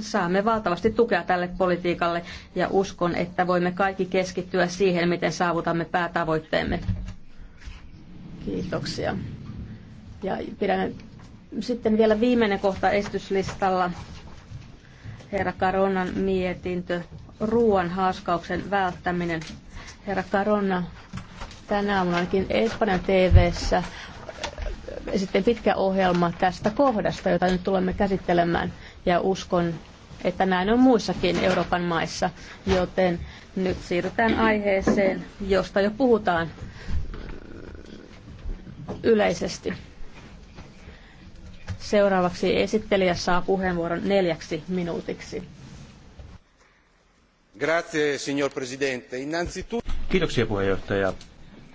saamme valtavasti tukea tälle politiikalle ja uskon, että voimme kaikki keskittyä siihen, miten saavutamme päätavoitteemme. Kiitoksia. Ja pidän sitten vielä viimeinen kohta esityslistalla. Herra Karonnan mietintö, ruoan haaskauksen välttäminen. Herra Karonna, tänään aamuna ainakin Espanjan TVssä äh, sitten pitkä ohjelma tästä kohdasta, jota nyt tulemme käsittelemään ja uskon, että näin on muissakin Euroopan maissa, joten nyt siirrytään aiheeseen, josta jo puhutaan yleisesti. Seuraavaksi esittelijä saa puheenvuoron neljäksi minuutiksi. Grazie, signor Presidente. Innanzitutto... Kiitoksia puheenjohtaja.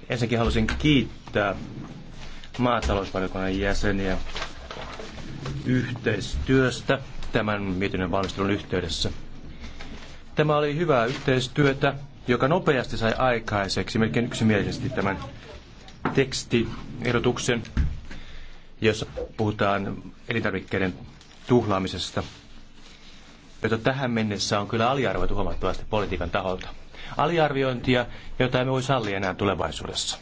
Ensinnäkin haluaisin kiittää maatalousvaliokunnan jäseniä yhteistyöstä tämän mietinnön valmistelun yhteydessä. Tämä oli hyvää yhteistyötä, joka nopeasti sai aikaiseksi melkein yksimielisesti tämän tekstiehdotuksen, jossa puhutaan elintarvikkeiden tuhlaamisesta, jota tähän mennessä on kyllä aliarvoitu huomattavasti politiikan taholta. Aliarviointia, jota emme voi sallia enää tulevaisuudessa.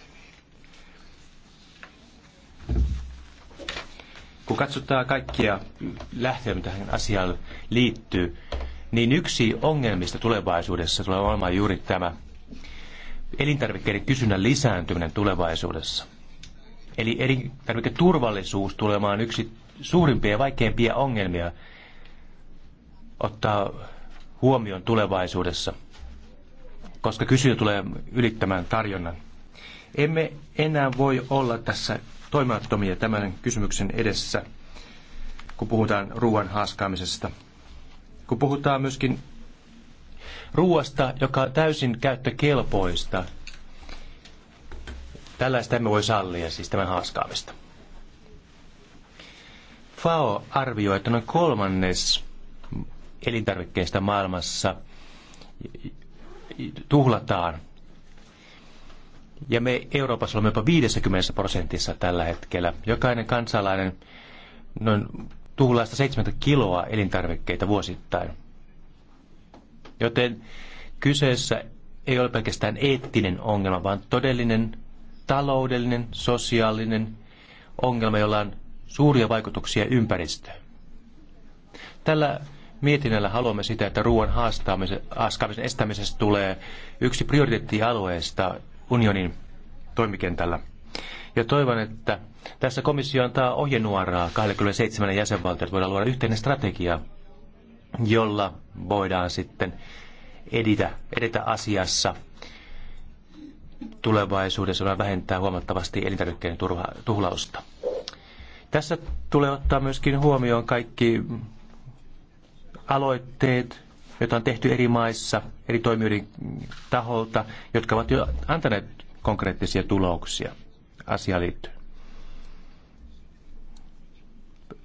Kun katsotaan kaikkia lähteä, mitä tähän asiaan liittyy, niin yksi ongelmista tulevaisuudessa tulee olemaan juuri tämä elintarvikkeiden kysynnän lisääntyminen tulevaisuudessa. Eli elintarviketurvallisuus tulee olemaan yksi suurimpia ja vaikeimpia ongelmia ottaa huomioon tulevaisuudessa, koska kysyntä tulee ylittämään tarjonnan. Emme enää voi olla tässä toimattomia tämän kysymyksen edessä, kun puhutaan ruoan haaskaamisesta. Kun puhutaan myöskin ruoasta, joka on täysin käyttökelpoista, tällaista emme voi sallia, siis tämän haaskaamista. FAO arvioi, että noin kolmannes elintarvikkeista maailmassa tuhlataan ja me Euroopassa olemme jopa 50 prosentissa tällä hetkellä. Jokainen kansalainen noin tuhlaista 70 kiloa elintarvikkeita vuosittain. Joten kyseessä ei ole pelkästään eettinen ongelma, vaan todellinen taloudellinen, sosiaalinen ongelma, jolla on suuria vaikutuksia ympäristöön. Tällä mietinnällä haluamme sitä, että ruoan haastamisen estämisestä tulee yksi prioriteettialueesta unionin toimikentällä. Ja toivon, että tässä komissio antaa ohjenuoraa 27 että voidaan luoda yhteinen strategia, jolla voidaan sitten edetä edetä asiassa tulevaisuudessa voidaan vähentää huomattavasti elintarvikkeiden tuhlausta. Tässä tulee ottaa myöskin huomioon kaikki aloitteet, joita on tehty eri maissa, eri toimijoiden taholta, jotka ovat jo antaneet konkreettisia tuloksia asiaan liittyen.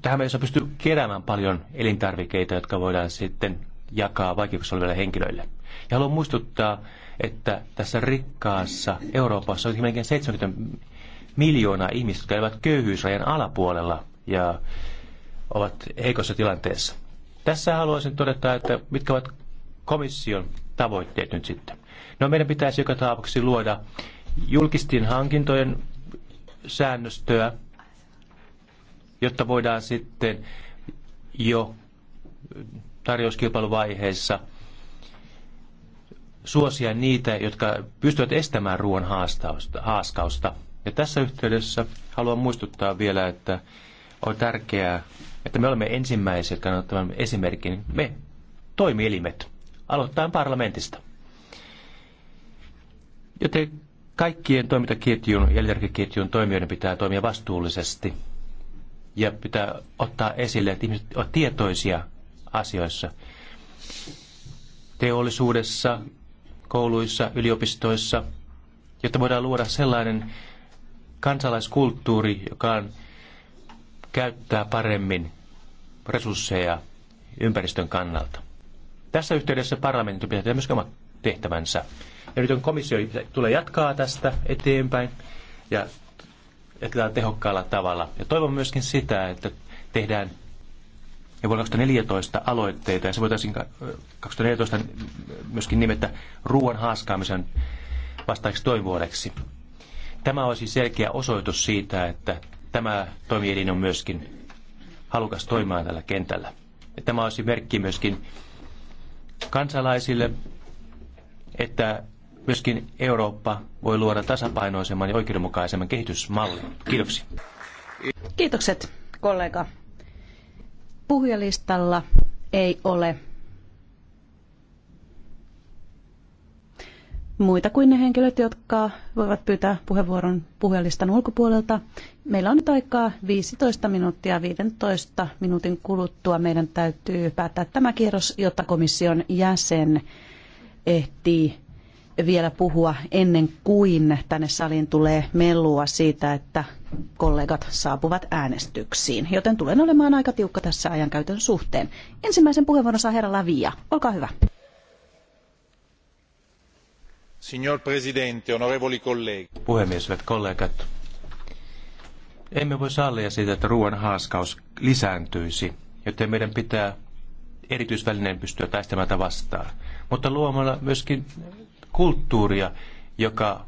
Tähän meissä on pysty keräämään paljon elintarvikeita, jotka voidaan sitten jakaa vaikeuksissa oleville henkilöille. Ja haluan muistuttaa, että tässä rikkaassa Euroopassa on melkein 70 miljoonaa ihmistä, jotka elävät köyhyysrajan alapuolella ja ovat heikossa tilanteessa. Tässä haluaisin todeta, että mitkä ovat komission tavoitteet nyt sitten. No meidän pitäisi joka tapauksessa luoda julkistin hankintojen säännöstöä, jotta voidaan sitten jo tarjouskilpailuvaiheessa suosia niitä, jotka pystyvät estämään ruoan haaskausta. Ja tässä yhteydessä haluan muistuttaa vielä, että on tärkeää että me olemme ensimmäiset, jotka tämän esimerkin, me toimielimet, aloittaa parlamentista. Joten kaikkien toimintaketjun, elintarvikeketjun toimijoiden pitää toimia vastuullisesti ja pitää ottaa esille, että ihmiset ovat tietoisia asioissa. Teollisuudessa, kouluissa, yliopistoissa, jotta voidaan luoda sellainen kansalaiskulttuuri, joka on käyttää paremmin resursseja ympäristön kannalta. Tässä yhteydessä parlamentti pitää tehdä myös oma tehtävänsä. Ja nyt on komissio tulee jatkaa tästä eteenpäin ja jatketaan tehokkaalla tavalla. Ja toivon myöskin sitä, että tehdään ja vuonna 2014 aloitteita, ja se voitaisiin 2014 myöskin nimetä ruoan haaskaamisen vastaaksi toivuodeksi. Tämä olisi selkeä osoitus siitä, että tämä toimielin on myöskin halukas toimimaan tällä kentällä. Tämä olisi merkki myöskin kansalaisille, että myöskin Eurooppa voi luoda tasapainoisemman ja oikeudenmukaisemman kehitysmallin. Kiitoksia. Kiitokset, kollega. Puhujalistalla ei ole muita kuin ne henkilöt, jotka voivat pyytää puheenvuoron puhelistan ulkopuolelta. Meillä on nyt aikaa 15 minuuttia. 15 minuutin kuluttua meidän täytyy päättää tämä kierros, jotta komission jäsen ehtii vielä puhua ennen kuin tänne saliin tulee melua siitä, että kollegat saapuvat äänestyksiin. Joten tulen olemaan aika tiukka tässä ajankäytön suhteen. Ensimmäisen puheenvuoron saa herra Lavia. Olkaa hyvä. Puhemies, hyvät kollegat. Emme voi sallia sitä, että ruoan haaskaus lisääntyisi, joten meidän pitää erityisvälineen pystyä tätä vastaan. Mutta luomalla myöskin kulttuuria, joka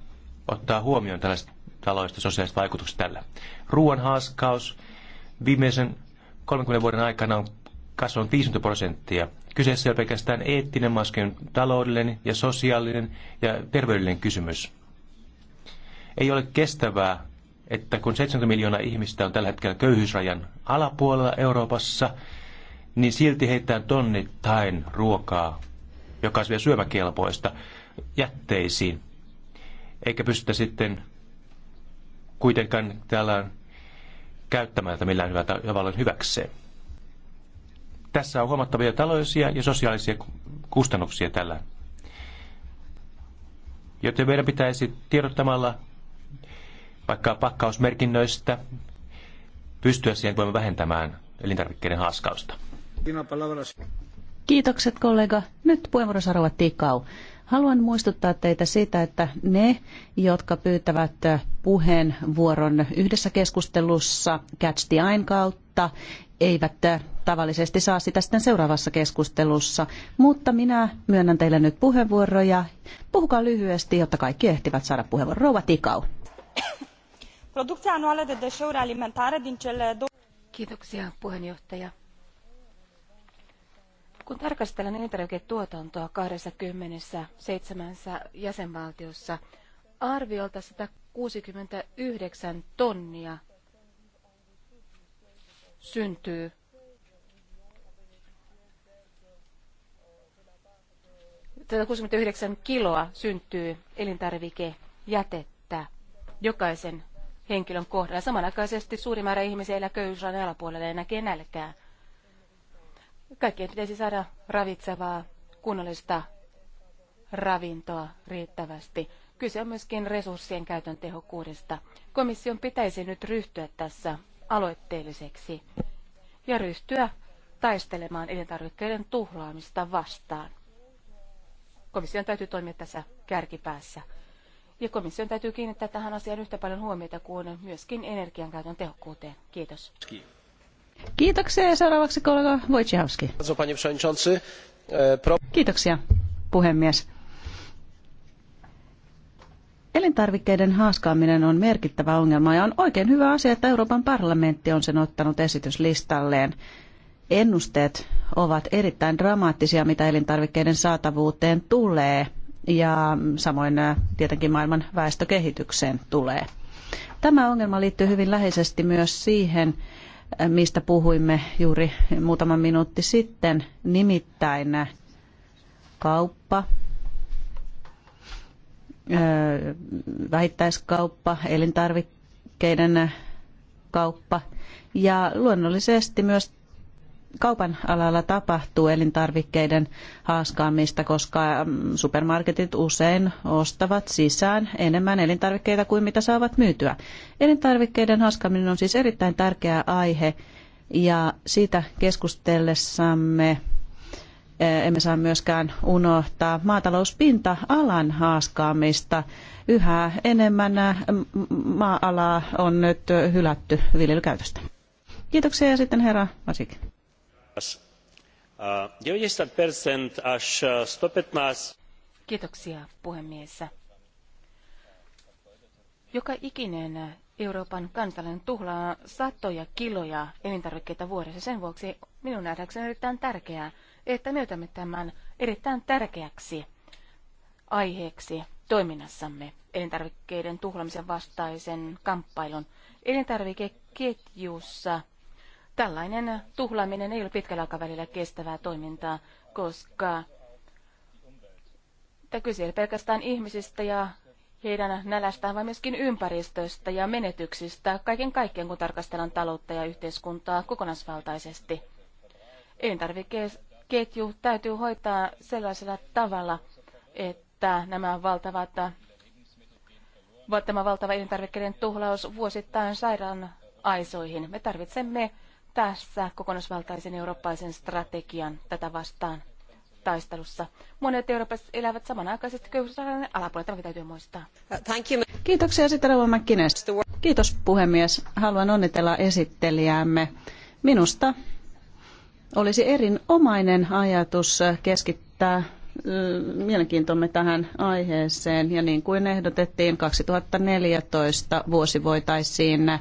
ottaa huomioon tällaiset taloudelliset sosiaaliset vaikutukset tällä. Ruoan haaskaus viimeisen 30 vuoden aikana on kasvanut 50 prosenttia Kyseessä ei ole pelkästään eettinen, vaan taloudellinen ja sosiaalinen ja terveydellinen kysymys. Ei ole kestävää, että kun 70 miljoonaa ihmistä on tällä hetkellä köyhyysrajan alapuolella Euroopassa, niin silti heittää tonnittain ruokaa, joka on vielä syömäkelpoista, jätteisiin. Eikä pystytä sitten kuitenkaan täällä käyttämään tätä millään hyvällä tavalla hyväkseen. Tässä on huomattavia taloudellisia ja sosiaalisia kustannuksia tällä. Joten meidän pitäisi tiedottamalla vaikka pakkausmerkinnöistä pystyä siihen, voimme vähentämään elintarvikkeiden haaskausta. Kiitokset kollega. Nyt puheenvuoro Sarova Tikau. Haluan muistuttaa teitä siitä, että ne, jotka pyytävät puheenvuoron yhdessä keskustelussa Catch the Ain kautta, eivät äh, tavallisesti saa sitä sitten seuraavassa keskustelussa. Mutta minä myönnän teille nyt puheenvuoroja. Puhukaa lyhyesti, jotta kaikki ehtivät saada puheenvuoron. Rouva Tikau. Kiitoksia puheenjohtaja. Kun tarkastellaan elintarviketuotantoa 27 jäsenvaltiossa, arviolta 169 tonnia syntyy tätä 69 kiloa syntyy elintarvikejätettä jokaisen henkilön kohdalla. Samanaikaisesti suuri määrä ihmisiä elää köyhyysrajan alapuolella ja näkee nälkää. Kaikkien pitäisi saada ravitsevaa, kunnollista ravintoa riittävästi. Kyse on myöskin resurssien käytön tehokkuudesta. Komission pitäisi nyt ryhtyä tässä aloitteelliseksi ja ryhtyä taistelemaan elintarvikkeiden tuhlaamista vastaan. Komission täytyy toimia tässä kärkipäässä. Ja komission täytyy kiinnittää tähän asiaan yhtä paljon huomiota kuin myöskin energiankäytön tehokkuuteen. Kiitos. Kiitoksia. Seuraavaksi kollega Wojciechowski. E, Kiitoksia, puhemies Elintarvikkeiden haaskaaminen on merkittävä ongelma ja on oikein hyvä asia, että Euroopan parlamentti on sen ottanut esityslistalleen. Ennusteet ovat erittäin dramaattisia, mitä elintarvikkeiden saatavuuteen tulee ja samoin äh, tietenkin maailman väestökehitykseen tulee. Tämä ongelma liittyy hyvin läheisesti myös siihen, äh, mistä puhuimme juuri muutama minuutti sitten, nimittäin äh, kauppa, vähittäiskauppa, elintarvikkeiden kauppa ja luonnollisesti myös kaupan alalla tapahtuu elintarvikkeiden haaskaamista, koska mm, supermarketit usein ostavat sisään enemmän elintarvikkeita kuin mitä saavat myytyä. Elintarvikkeiden haaskaaminen on siis erittäin tärkeä aihe ja siitä keskustellessamme Eh, emme saa myöskään unohtaa maatalouspinta-alan haaskaamista. Yhä enemmän eh, maa-alaa on nyt hylätty viljelykäytöstä. Kiitoksia ja sitten herra Masik. 90% 115. Uh, Kiitoksia puhemies. Joka ikinen Euroopan kansalainen tuhlaa satoja kiloja elintarvikkeita vuodessa. Sen vuoksi minun nähdäkseni on erittäin tärkeää, että me otamme tämän erittäin tärkeäksi aiheeksi toiminnassamme elintarvikkeiden tuhlamisen vastaisen kamppailun. Elintarvikeketjussa tällainen tuhlaaminen ei ole pitkällä aikavälillä kestävää toimintaa, koska kyse ei pelkästään ihmisistä ja heidän nälästään, vaan myöskin ympäristöstä ja menetyksistä, kaiken kaikkiaan kun tarkastellaan taloutta ja yhteiskuntaa kokonaisvaltaisesti. Elintarvike- ketju täytyy hoitaa sellaisella tavalla, että nämä valtavat, tämä valtava elintarvikkeiden tuhlaus vuosittain sairaan aisoihin. Me tarvitsemme tässä kokonaisvaltaisen eurooppaisen strategian tätä vastaan taistelussa. Monet Euroopassa elävät samanaikaisesti köyhyysrajan alapuolella. Tämäkin täytyy muistaa. Kiitoksia sitten Kiitos puhemies. Haluan onnitella esittelijäämme. Minusta olisi erinomainen ajatus keskittää mm, mielenkiintomme tähän aiheeseen ja niin kuin ehdotettiin 2014 vuosi voitaisiin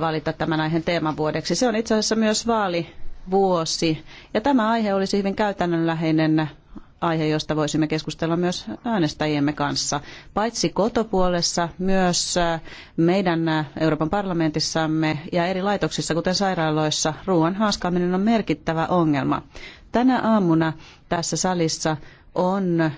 valita tämän aiheen teemavuodeksi. Se on itse asiassa myös vaalivuosi ja tämä aihe olisi hyvin käytännönläheinen aihe, josta voisimme keskustella myös äänestäjiemme kanssa. Paitsi kotopuolessa, myös äh, meidän äh, Euroopan parlamentissamme ja eri laitoksissa, kuten sairaaloissa, ruoan haaskaaminen on merkittävä ongelma. Tänä aamuna tässä salissa on äh,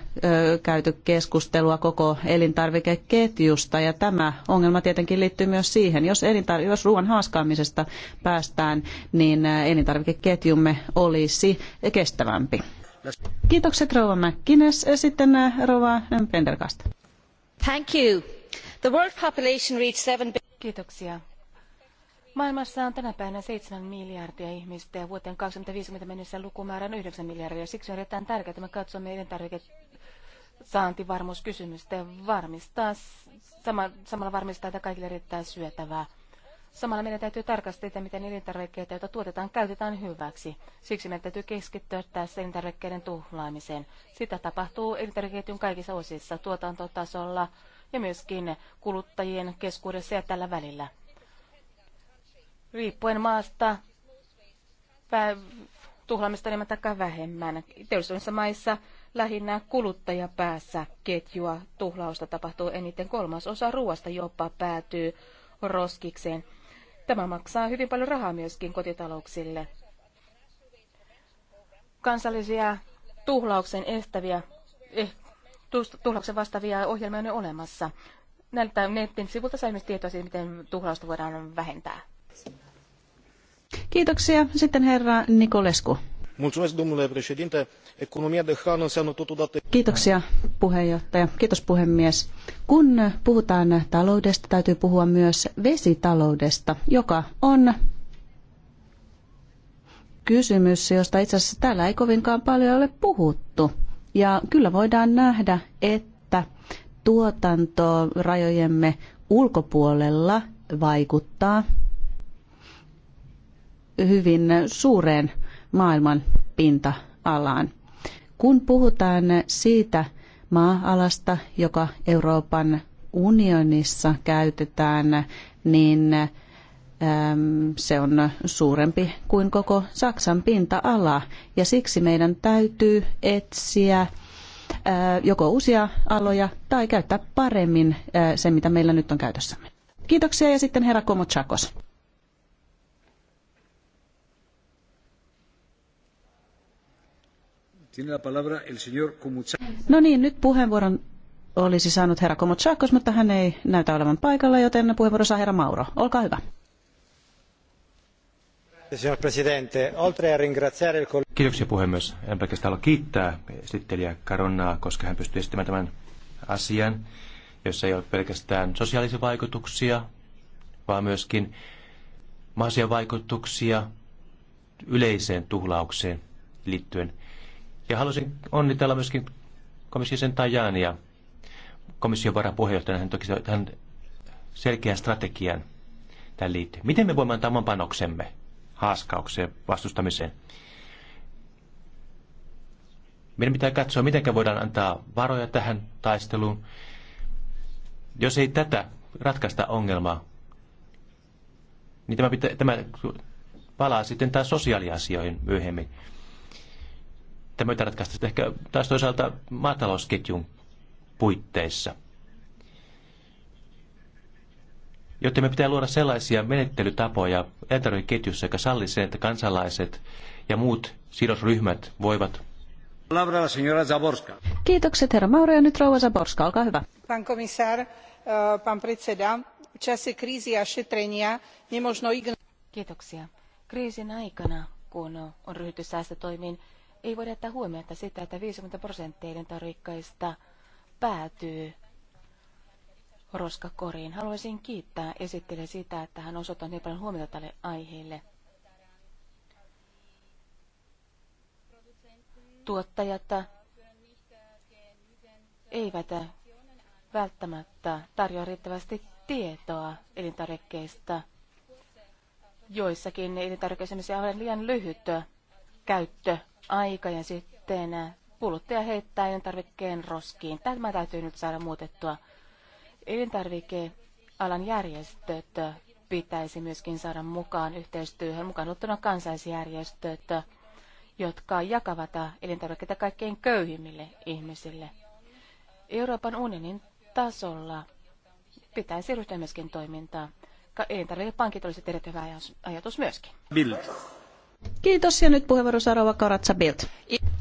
käyty keskustelua koko elintarvikeketjusta ja tämä ongelma tietenkin liittyy myös siihen. Jos, elintar- jos ruoan haaskaamisesta päästään, niin elintarvikeketjumme olisi kestävämpi. Kiitokset rouva McGuinness. Sitten äh, rouva Pendergast. Thank you. The world population reached seven... Kiitoksia. Maailmassa on tänä päivänä 7 miljardia ihmistä ja vuoteen 2050 mennessä lukumäärä on 9 miljardia. Siksi on erittäin tärkeää, että me katsomme elintarvikesaantivarmuuskysymystä ja varmistaa, sama, samalla varmistaa, että kaikille riittää syötävää. Samalla meidän täytyy tarkastella, miten elintarvikkeita, joita tuotetaan, käytetään hyväksi. Siksi meidän täytyy keskittyä tässä elintarvikkeiden tuhlaamiseen. Sitä tapahtuu elintarvikkeiden kaikissa osissa, tuotantotasolla ja myöskin kuluttajien keskuudessa ja tällä välillä. Riippuen maasta, tuhlaamista enemmän tai vähemmän. Teollisuudessa maissa lähinnä kuluttajapäässä ketjua tuhlausta tapahtuu eniten. Kolmas osa ruoasta jopa päätyy roskikseen. Tämä maksaa hyvin paljon rahaa myöskin kotitalouksille. Kansallisia tuhlauksen estäviä, eh, tuhlauksen vastaavia ohjelmia on jo olemassa. Näiltä netin sivulta saimme tietoa siitä, miten tuhlausta voidaan vähentää. Kiitoksia. Sitten herra Nikolesku. Economia de hrană înseamnă totodată... Kiitoksia puheenjohtaja. Kiitos puhemies. Kun puhutaan taloudesta, täytyy puhua myös vesitaloudesta, joka on kysymys, josta itse asiassa täällä ei kovinkaan paljon ole puhuttu. Ja kyllä voidaan nähdä, että tuotanto rajojemme ulkopuolella vaikuttaa hyvin suureen maailman pinta-alaan. Kun puhutaan siitä maa-alasta, joka Euroopan unionissa käytetään, niin ähm, se on suurempi kuin koko Saksan pinta-ala ja siksi meidän täytyy etsiä äh, joko uusia aloja tai käyttää paremmin äh, se, mitä meillä nyt on käytössämme. Kiitoksia ja sitten herra Komotsakos. No niin, nyt puheenvuoron olisi saanut herra Komotsakos, mutta hän ei näytä olevan paikalla, joten puheenvuoro saa herra Mauro. Olkaa hyvä. Kiitoksia puhemies. En pelkästään halua kiittää esittelijä Karonnaa, koska hän pystyi esittämään tämän asian, jossa ei ole pelkästään sosiaalisia vaikutuksia, vaan myöskin mahdollisia vaikutuksia yleiseen tuhlaukseen liittyen – ja halusin onnitella myöskin komission sen ja komission varapuheenjohtajana, hän toki hän selkeän strategian tähän liittyen. Miten me voimme antaa oman panoksemme haaskaukseen, vastustamiseen? Meidän pitää katsoa, miten voidaan antaa varoja tähän taisteluun. Jos ei tätä ratkaista ongelmaa, niin tämä, pitää tämä palaa sitten taas sosiaaliasioihin myöhemmin tämä ratkaista ehkä taas toisaalta maatalousketjun puitteissa. Joten me pitää luoda sellaisia menettelytapoja elintarvikeketjussa, joka sallii sen, että kansalaiset ja muut sidosryhmät voivat Kiitokset herra Mauro ja nyt rouva Zaborska, olkaa hyvä. Pan komisár, e, pan predseda, v čase krízy a šetrenia nemožno Kiitoksia. Kriisin aikana, kun on ryhdytty säästötoimiin, ei voida jättää huomiota sitä, että 50 prosentteiden tarvikkeista päätyy roskakoriin. Haluaisin kiittää esittelijä sitä, että hän osoittaa niin paljon huomiota tälle aiheelle. Tuottajat eivät välttämättä tarjoa riittävästi tietoa elintarvikkeista. Joissakin elintarvikkeissa on liian lyhyttöä käyttöaika ja sitten kuluttaja heittää elintarvikkeen roskiin. Tämä täytyy nyt saada muutettua. Elintarvikealan järjestöt pitäisi myöskin saada mukaan yhteistyöhön, mukaan ottuna kansaisjärjestöt, jotka jakavat elintarvikkeita kaikkein köyhimmille ihmisille. Euroopan unionin tasolla pitäisi ryhtyä myöskin toimintaa. Elintarvikepankit olisivat erittäin hyvä ajatus myöskin. Bill Kiitos ja nyt puheenvuoro Sarova Karatsa Bild.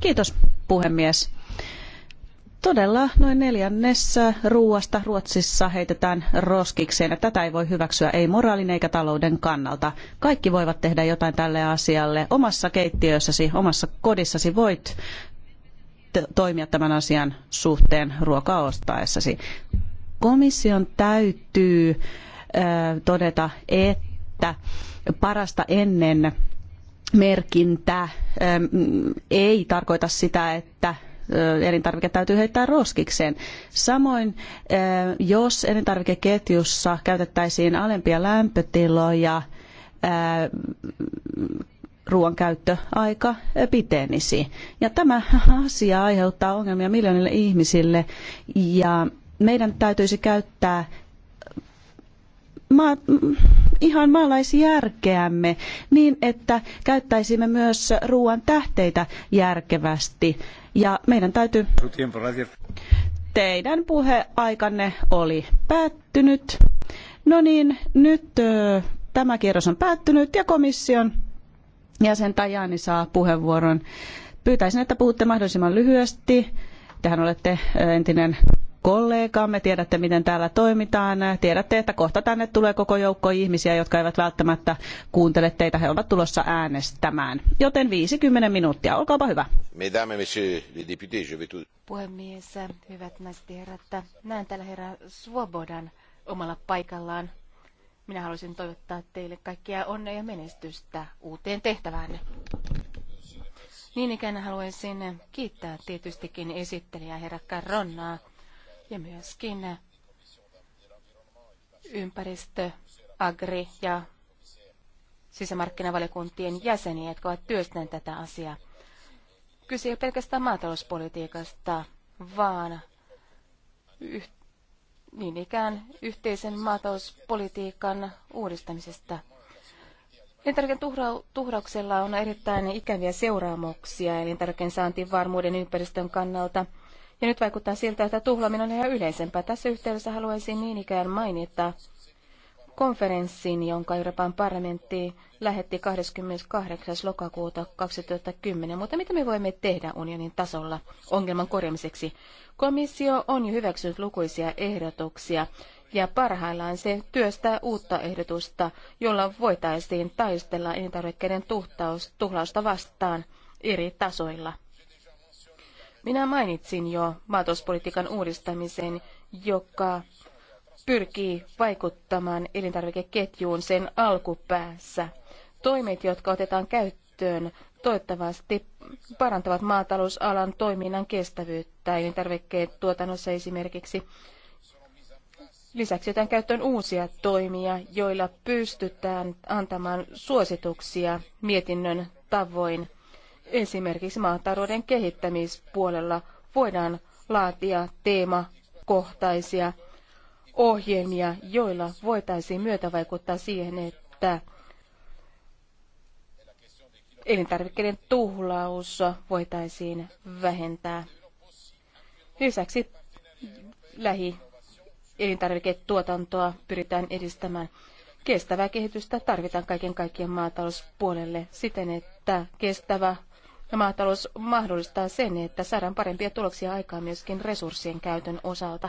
Kiitos puhemies. Todella noin neljännessä ruoasta Ruotsissa heitetään roskikseen ja tätä ei voi hyväksyä ei moraalin eikä talouden kannalta. Kaikki voivat tehdä jotain tälle asialle. Omassa keittiössäsi, omassa kodissasi voit toimia tämän asian suhteen ruokaa ostaessasi. Komission täytyy todeta, että parasta ennen merkintä ähm, ei tarkoita sitä, että äh, elintarvike täytyy heittää roskikseen. Samoin, äh, jos elintarvikeketjussa käytettäisiin alempia lämpötiloja, äh, ruoan käyttöaika pitenisi. Ja tämä asia aiheuttaa ongelmia miljoonille ihmisille ja meidän täytyisi käyttää ihan maalaisjärkeämme niin, että käyttäisimme myös ruoan tähteitä järkevästi. Ja meidän täytyy... Teidän puheaikanne oli päättynyt. No niin, nyt tämä kierros on päättynyt ja komission jäsen Tajani saa puheenvuoron. Pyytäisin, että puhutte mahdollisimman lyhyesti. Tehän olette entinen kollegamme, tiedätte miten täällä toimitaan, tiedätte, että kohta tänne tulee koko joukko ihmisiä, jotka eivät välttämättä kuuntele teitä, he ovat tulossa äänestämään. Joten 50 minuuttia, olkaapa hyvä. Mesdames, messieurs, les députés, je vais tout... Puhemies, hyvät naiset ja herrat, näen täällä herra Svobodan omalla paikallaan. Minä haluaisin toivottaa teille kaikkia onnea ja menestystä uuteen tehtäväänne. Niin ikään haluaisin kiittää tietystikin esittelijää herra Carronnaa ja myöskin ympäristö, agri ja sisämarkkinavaliokuntien jäseniä, jotka ovat työstäneet tätä asiaa. Kyse ei pelkästään maatalouspolitiikasta, vaan yh- niin ikään yhteisen maatalouspolitiikan uudistamisesta. Elintarvikeen tuhra- tuhrauksella on erittäin ikäviä seuraamuksia elintarvikeen saantivarmuuden ympäristön kannalta – ja nyt vaikuttaa siltä, että tuhlaaminen on ihan yleisempää. Tässä yhteydessä haluaisin niin ikään mainita konferenssin, jonka Euroopan parlamentti lähetti 28. lokakuuta 2010. Mutta mitä me voimme tehdä unionin tasolla ongelman korjamiseksi? Komissio on jo hyväksynyt lukuisia ehdotuksia ja parhaillaan se työstää uutta ehdotusta, jolla voitaisiin taistella elintarvikkeiden tuhlausta vastaan eri tasoilla. Minä mainitsin jo maatalouspolitiikan uudistamisen, joka pyrkii vaikuttamaan elintarvikeketjuun sen alkupäässä. Toimet, jotka otetaan käyttöön, toivottavasti parantavat maatalousalan toiminnan kestävyyttä elintarvikkeet tuotannossa esimerkiksi. Lisäksi otetaan käyttöön uusia toimia, joilla pystytään antamaan suosituksia mietinnön tavoin Esimerkiksi maatalouden kehittämispuolella voidaan laatia teemakohtaisia ohjelmia, joilla voitaisiin myötävaikuttaa siihen, että elintarvikkeiden tuhlaus voitaisiin vähentää. Lisäksi lähi elintarviketuotantoa pyritään edistämään. Kestävää kehitystä tarvitaan kaiken kaikkien maatalouspuolelle siten, että kestävä ja maatalous mahdollistaa sen, että saadaan parempia tuloksia aikaa myöskin resurssien käytön osalta.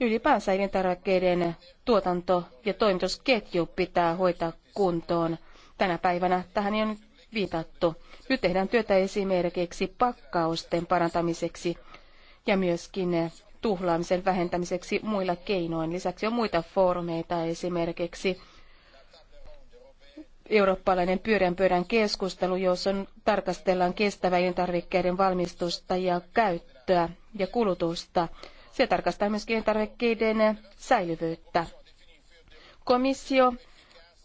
Ylipäänsä elintarvikkeiden tuotanto- ja toimitusketju pitää hoitaa kuntoon. Tänä päivänä tähän on viitattu. Nyt tehdään työtä esimerkiksi pakkausten parantamiseksi ja myöskin tuhlaamisen vähentämiseksi muilla keinoin. Lisäksi on muita foorumeita, esimerkiksi eurooppalainen pyörän pöydän keskustelu, jossa tarkastellaan kestävä elintarvikkeiden valmistusta ja käyttöä ja kulutusta. Se tarkastaa myöskin elintarvikkeiden säilyvyyttä. Komissio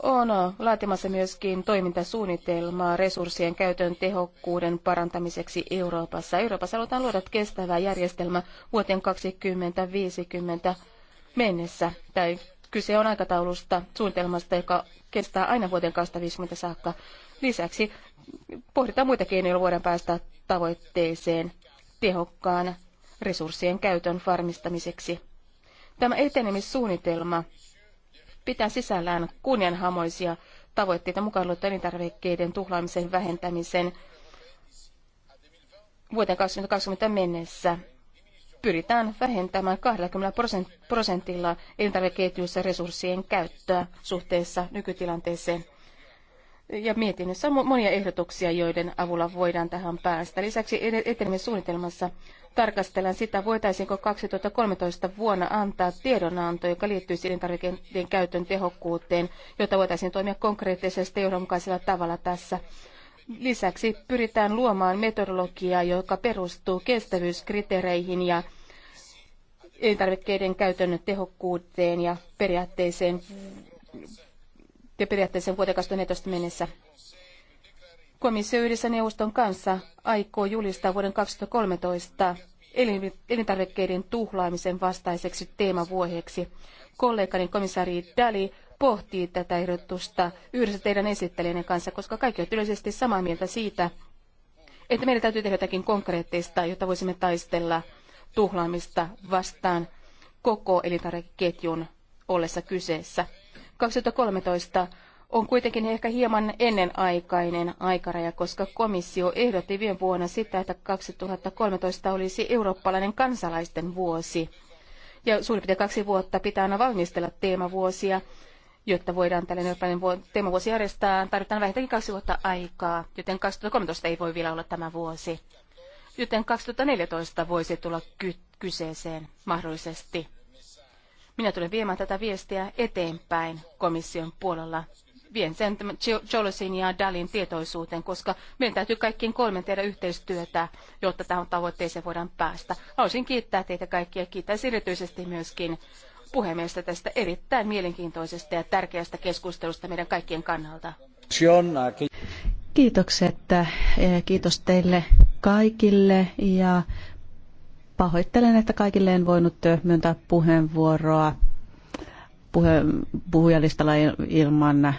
on laatimassa myöskin toimintasuunnitelmaa resurssien käytön tehokkuuden parantamiseksi Euroopassa. Euroopassa halutaan luoda kestävä järjestelmä vuoteen 2050 mennessä tai Kyse on aikataulusta, suunnitelmasta, joka kestää aina vuoteen 2050 saakka. Lisäksi pohditaan muita keinoja, joilla voidaan päästä tavoitteeseen tehokkaan resurssien käytön varmistamiseksi. Tämä etenemissuunnitelma pitää sisällään kunnianhamoisia tavoitteita mukaan luettuna elintarvikkeiden tuhlaamisen vähentämisen vuoteen 2020 mennessä pyritään vähentämään 20 prosentilla elintarvikeketjussa resurssien käyttöä suhteessa nykytilanteeseen. Ja mietinnössä on monia ehdotuksia, joiden avulla voidaan tähän päästä. Lisäksi etenemissuunnitelmassa tarkastellaan sitä, voitaisiinko 2013 vuonna antaa tiedonanto, joka liittyy elintarvikkeiden käytön tehokkuuteen, jota voitaisiin toimia konkreettisesti ja johdonmukaisella tavalla tässä Lisäksi pyritään luomaan metodologiaa, joka perustuu kestävyyskriteereihin ja elintarvikkeiden käytön tehokkuuteen ja periaatteeseen, ja periaatteeseen vuoteen 2014 mennessä. Komissio yhdessä neuvoston kanssa aikoo julistaa vuoden 2013 elintarvikkeiden tuhlaamisen vastaiseksi teemavuoheeksi. Kollegani komissaari Dali pohtii tätä ehdotusta yhdessä teidän esittelijänne kanssa, koska kaikki ovat yleisesti samaa mieltä siitä, että meidän täytyy tehdä jotakin konkreettista, jotta voisimme taistella tuhlaamista vastaan koko elintarvikeketjun ollessa kyseessä. 2013 on kuitenkin ehkä hieman ennenaikainen aikaraja, koska komissio ehdotti viime vuonna sitä, että 2013 olisi eurooppalainen kansalaisten vuosi. Ja suurin piirtein kaksi vuotta pitää aina valmistella teemavuosia Jotta voidaan tällainen eurooppalainen teemavuosi järjestää, tarvitaan vähintäänkin kaksi vuotta aikaa, joten 2013 ei voi vielä olla tämä vuosi. Joten 2014 voisi tulla ky- kyseeseen mahdollisesti. Minä tulen viemään tätä viestiä eteenpäin komission puolella. Vien sen Jolosin ja Dalin tietoisuuteen, koska meidän täytyy kaikkien kolmen tehdä yhteistyötä, jotta tähän tavoitteeseen voidaan päästä. Haluaisin kiittää teitä kaikkia. kiitän erityisesti myöskin puhemiestä tästä erittäin mielenkiintoisesta ja tärkeästä keskustelusta meidän kaikkien kannalta. Kiitokset. Eh, kiitos teille kaikille ja pahoittelen, että kaikille en voinut eh, myöntää puheenvuoroa puhe, puhujalistalla ilman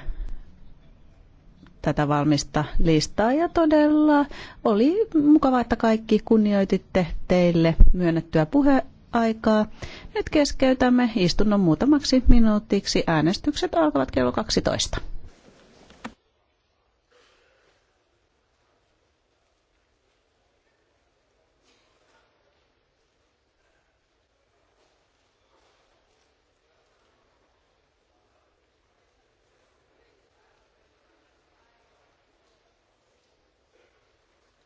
tätä valmista listaa. Ja todella oli mukavaa, että kaikki kunnioititte teille myönnettyä puhe, aikaa. Nyt keskeytämme istunnon muutamaksi minuutiksi. Äänestykset alkavat kello 12.